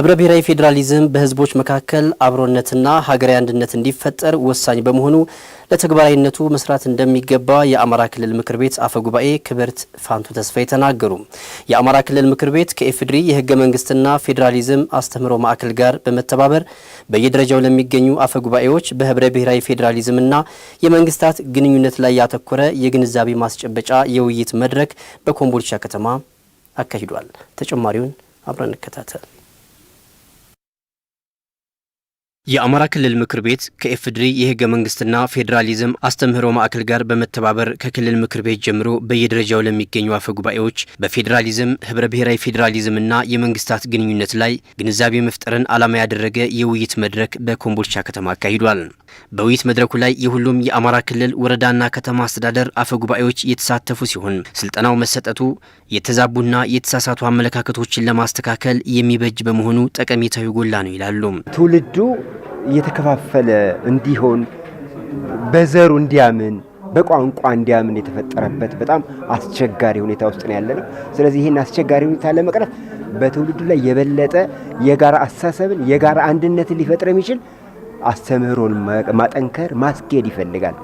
ህብረ ብሔራዊ ፌዴራሊዝም በህዝቦች መካከል አብሮነትና ሀገራዊ አንድነት እንዲፈጠር ወሳኝ በመሆኑ ለተግባራዊነቱ መስራት እንደሚገባ የአማራ ክልል ምክር ቤት አፈ ጉባኤ ክብርት ፋንቱ ተስፋዬ ተናገሩ። የአማራ ክልል ምክር ቤት ከኤፍድሪ የህገ መንግስትና ፌዴራሊዝም አስተምህሮ ማዕከል ጋር በመተባበር በየደረጃው ለሚገኙ አፈ ጉባኤዎች በህብረ ብሔራዊ ፌዴራሊዝምና የመንግስታት ግንኙነት ላይ ያተኮረ የግንዛቤ ማስጨበጫ የውይይት መድረክ በኮምቦልቻ ከተማ አካሂዷል። ተጨማሪውን አብረን እንከታተል። የአማራ ክልል ምክር ቤት ከኤፍድሪ የህገ መንግስትና ፌዴራሊዝም አስተምህሮ ማዕከል ጋር በመተባበር ከክልል ምክር ቤት ጀምሮ በየደረጃው ለሚገኙ አፈ ጉባኤዎች በፌዴራሊዝም ህብረ ብሔራዊ ፌዴራሊዝምና የመንግስታት ግንኙነት ላይ ግንዛቤ መፍጠርን ዓላማ ያደረገ የውይይት መድረክ በኮምቦልቻ ከተማ አካሂዷል። በውይይት መድረኩ ላይ የሁሉም የአማራ ክልል ወረዳና ከተማ አስተዳደር አፈ ጉባኤዎች የተሳተፉ ሲሆን ስልጠናው መሰጠቱ የተዛቡና የተሳሳቱ አመለካከቶችን ለማስተካከል የሚበጅ በመሆኑ ጠቀሜታው ጎላ ነው ይላሉ። ትውልዱ እየተከፋፈለ እንዲሆን በዘሩ እንዲያምን በቋንቋ እንዲያምን የተፈጠረበት በጣም አስቸጋሪ ሁኔታ ውስጥ ነው ያለ ነው። ስለዚህ ይህን አስቸጋሪ ሁኔታ ለመቅረፍ በትውልዱ ላይ የበለጠ የጋራ አስተሳሰብን የጋራ አንድነትን ሊፈጥር የሚችል አስተምህሮን ማጠንከር ማስኬድ ይፈልጋል።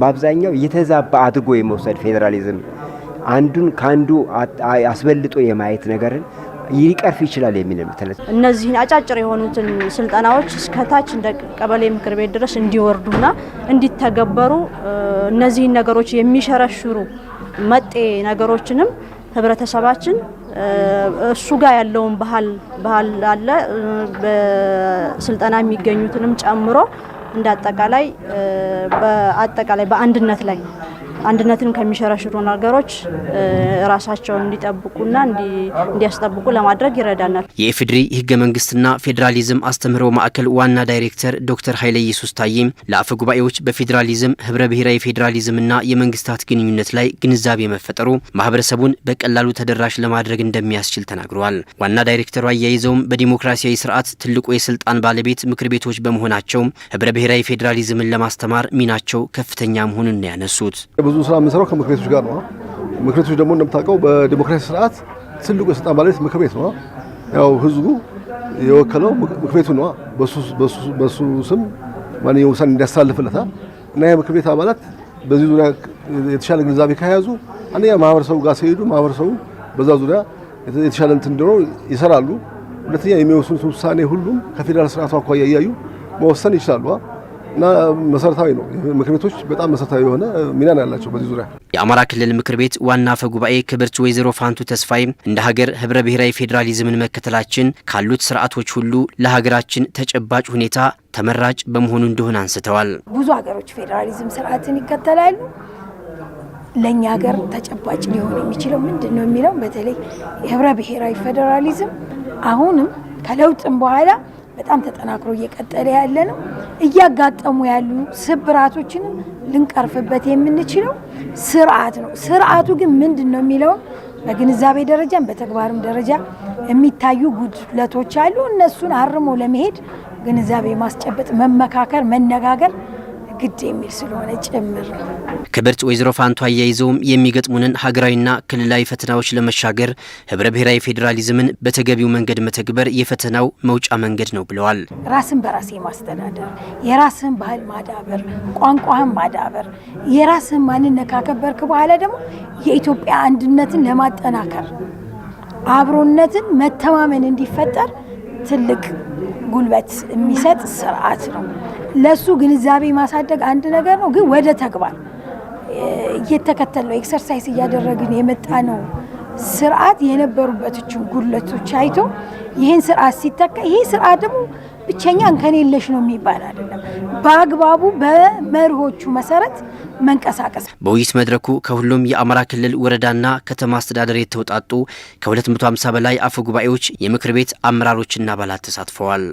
በአብዛኛው የተዛባ አድርጎ የመውሰድ ፌዴራሊዝም አንዱን ከአንዱ አስበልጦ የማየት ነገርን ሊቀርፍ ይችላል የሚል ምትለት እነዚህን አጫጭር የሆኑትን ስልጠናዎች እስከታች እንደ ቀበሌ ምክር ቤት ድረስ እንዲወርዱና እንዲተገበሩ እነዚህን ነገሮች የሚሸረሽሩ መጤ ነገሮችንም ህብረተሰባችን እሱ ጋር ያለውን ባህል ባህል አለ በስልጠና የሚገኙትንም ጨምሮ እንዳጠቃላይ በአጠቃላይ በአንድነት ላይ አንድነትን ከሚሸረሽሩ ነገሮች ራሳቸውን እንዲጠብቁና እንዲያስጠብቁ ለማድረግ ይረዳናል። የኢፌዴሪ ህገ መንግስትና ፌዴራሊዝም አስተምህሮ ማዕከል ዋና ዳይሬክተር ዶክተር ኃይለ ኢየሱስ ታዬም ለአፈ ጉባኤዎች በፌዴራሊዝም ህብረ ብሔራዊ ፌዴራሊዝምና የመንግስታት ግንኙነት ላይ ግንዛቤ መፈጠሩ ማህበረሰቡን በቀላሉ ተደራሽ ለማድረግ እንደሚያስችል ተናግረዋል። ዋና ዳይሬክተሩ አያይዘውም በዲሞክራሲያዊ ስርዓት ትልቁ የስልጣን ባለቤት ምክር ቤቶች በመሆናቸው ህብረ ብሔራዊ ፌዴራሊዝምን ለማስተማር ሚናቸው ከፍተኛ መሆኑን ነው ያነሱት። ብዙ ስራ የምንሰራው ከምክር ቤቶች ጋር ነው። ምክር ቤቶች ደግሞ እንደምታውቀው በዲሞክራሲ ስርዓት ትልቁ የስልጣን ባለቤት ምክር ቤት ነው። ያው ህዝቡ የወከለው ምክር ቤቱ ነው። በሱ ስም ማንኛውም ውሳኔ እንዲያስተላልፍለታል እና የምክር ቤት አባላት በዚህ ዙሪያ የተሻለ ግንዛቤ ከያዙ አንደኛ ማህበረሰቡ ጋር ሲሄዱ ማህበረሰቡ በዛ ዙሪያ የተሻለ እንትን እንዲኖረው ይሰራሉ። ሁለተኛ የሚወስኑት ውሳኔ ሁሉም ከፌዴራል ስርዓቱ አኳያ እያዩ መወሰን ይችላሉ። እና መሰረታዊ ነው። ምክር ቤቶች በጣም መሰረታዊ የሆነ ሚና ያላቸው በዚህ ዙሪያ የአማራ ክልል ምክር ቤት ዋና አፈ ጉባኤ ክብርት ወይዘሮ ፋንቱ ተስፋይ እንደ ሀገር ህብረ ብሔራዊ ፌዴራሊዝምን መከተላችን ካሉት ስርዓቶች ሁሉ ለሀገራችን ተጨባጭ ሁኔታ ተመራጭ በመሆኑ እንደሆነ አንስተዋል። ብዙ ሀገሮች ፌዴራሊዝም ስርዓትን ይከተላሉ። ለእኛ ሀገር ተጨባጭ ሊሆን የሚችለው ምንድን ነው የሚለው በተለይ ህብረ ብሔራዊ ፌዴራሊዝም አሁንም ከለውጥም በኋላ በጣም ተጠናክሮ እየቀጠለ ያለ ነው። እያጋጠሙ ያሉ ስብራቶችንም ልንቀርፍበት የምንችለው ስርዓት ነው። ስርዓቱ ግን ምንድን ነው የሚለውን በግንዛቤ ደረጃም በተግባርም ደረጃ የሚታዩ ጉድለቶች አሉ። እነሱን አርሞ ለመሄድ ግንዛቤ ማስጨበጥ፣ መመካከር፣ መነጋገር ግድ የሚል ስለሆነ ጭምር ክብርት ወይዘሮ ፋንቱ አያይዘውም የሚገጥሙንን ሀገራዊና ክልላዊ ፈተናዎች ለመሻገር ህብረ ብሔራዊ ፌዴራሊዝምን በተገቢው መንገድ መተግበር የፈተናው መውጫ መንገድ ነው ብለዋል። ራስን በራሴ የማስተዳደር የራስን ባህል ማዳበር፣ ቋንቋህን ማዳበር፣ የራስን ማንነት ካከበርክ በኋላ ደግሞ የኢትዮጵያ አንድነትን ለማጠናከር አብሮነትን፣ መተማመን እንዲፈጠር ትልቅ ጉልበት የሚሰጥ ስርዓት ነው። ለሱ ግንዛቤ ማሳደግ አንድ ነገር ነው፣ ግን ወደ ተግባር ነው ኤክሰርሳይዝ እያደረግን የመጣ ነው ስርዓት የነበሩበትን ጉድለቶች አይቶ ይህን ስርዓት ሲተካ ይሄ ስርዓት ደግሞ ብቸኛ እንከን የለሽ ነው የሚባል አይደለም። በአግባቡ በመርሆቹ መሰረት መንቀሳቀስ። በውይይት መድረኩ ከሁሉም የአማራ ክልል ወረዳና ከተማ አስተዳደር የተውጣጡ ከ250 በላይ አፈ ጉባኤዎች፣ የምክር ቤት አመራሮችና አባላት ተሳትፈዋል።